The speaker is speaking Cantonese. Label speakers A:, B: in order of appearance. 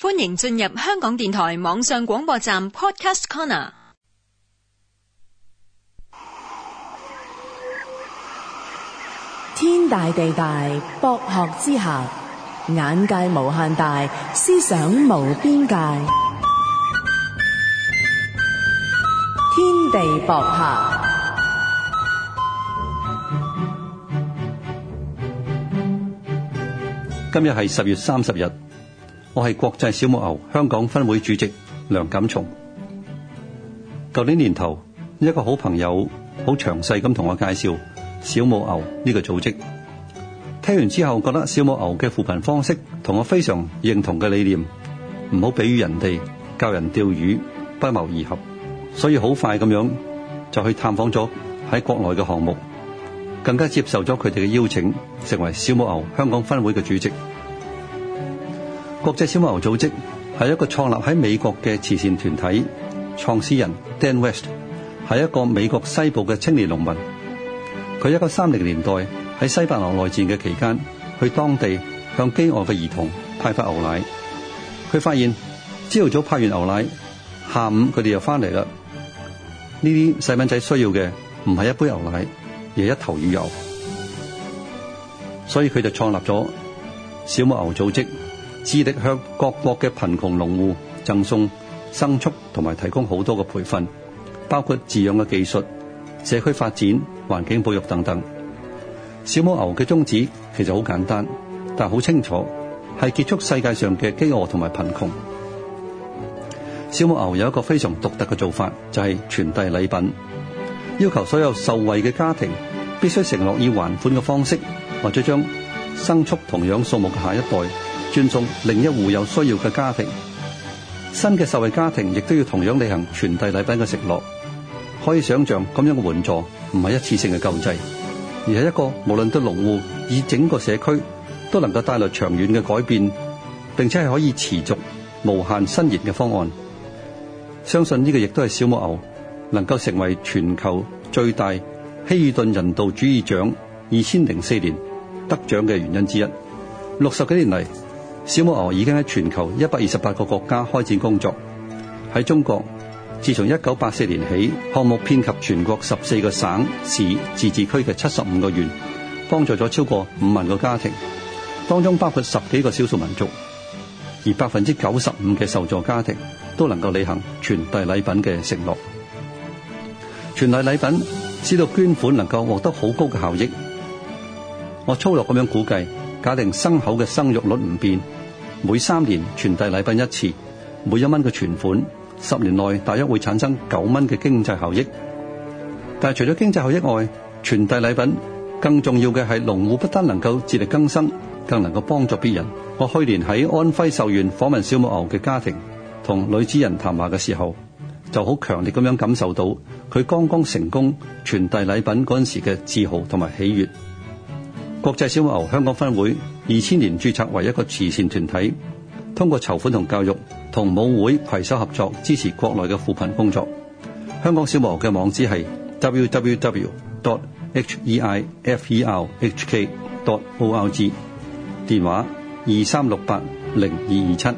A: 歡迎進入香港電台網上廣播站 Podcast Corner。天大地大，博學之下，眼界無限大，思想無邊界。天地博客。今日係十月三十日。我係國際小母牛香港分會主席梁錦松。舊年年頭，一個好朋友好詳細咁同我介紹小母牛呢個組織。聽完之後，覺得小母牛嘅扶貧方式同我非常認同嘅理念，唔好俾魚人哋教人釣魚，不謀而合。所以好快咁樣就去探訪咗喺國內嘅項目，更加接受咗佢哋嘅邀請，成為小母牛香港分會嘅主席。國際小母牛組織係一個創立喺美國嘅慈善團體，創始人 Dan West 係一個美國西部嘅青年農民。佢一九三零年代喺西班牙內戰嘅期間，去當地向飢餓嘅兒童派發牛奶。佢發現朝頭早派完牛奶，下午佢哋又翻嚟啦。呢啲細蚊仔需要嘅唔係一杯牛奶，而係一頭乳牛。所以佢就創立咗小母牛組織。致力向各國嘅貧窮農戶贈送牲畜，同埋提供好多嘅培訓，包括飼養嘅技術、社區發展、環境保育等等。小母牛嘅宗旨其實好簡單，但係好清楚，係結束世界上嘅飢餓同埋貧窮。小母牛有一個非常獨特嘅做法，就係傳遞禮品，要求所有受惠嘅家庭必須承諾以還款嘅方式，或者將牲畜同樣數目嘅下一代。尊重另一戶有需要嘅家庭，新嘅受惠家庭亦都要同樣履行傳遞禮品嘅承諾。可以想象，咁樣嘅援助唔係一次性嘅救濟，而係一個無論對農戶以整個社區都能夠帶來長遠嘅改變，並且係可以持續無限伸延嘅方案。相信呢個亦都係小母牛能夠成為全球最大希爾頓人道主義獎二千零四年得獎嘅原因之一。六十幾年嚟，小母牛已經喺全球一百二十八個國家開展工作，喺中國，自從一九八四年起，項目遍及全國十四個省市自治區嘅七十五個縣，幫助咗超過五萬個家庭，當中包括十幾個少數民族，而百分之九十五嘅受助家庭都能夠履行傳遞禮品嘅承諾。傳遞禮品使到捐款能夠獲得好高嘅效益，我粗略咁樣估計。假定牲口嘅生育率唔變，每三年傳遞禮品一次，每一蚊嘅存款，十年內大約會產生九蚊嘅經濟效益。但係除咗經濟效益外，傳遞禮品更重要嘅係農戶不單能夠自力更生，更能夠幫助別人。我去年喺安徽壽縣訪問小母牛嘅家庭，同女主人談話嘅時候，就好強烈咁樣感受到佢剛剛成功傳遞禮品嗰陣時嘅自豪同埋喜悦。國際小牛香港分會二千年註冊為一個慈善團體，通過籌款同教育同舞會攜手合作，支持國內嘅扶貧工作。香港小牛嘅網址係 www.dot.heiferhk.dot.org，電話二三六八零二二七。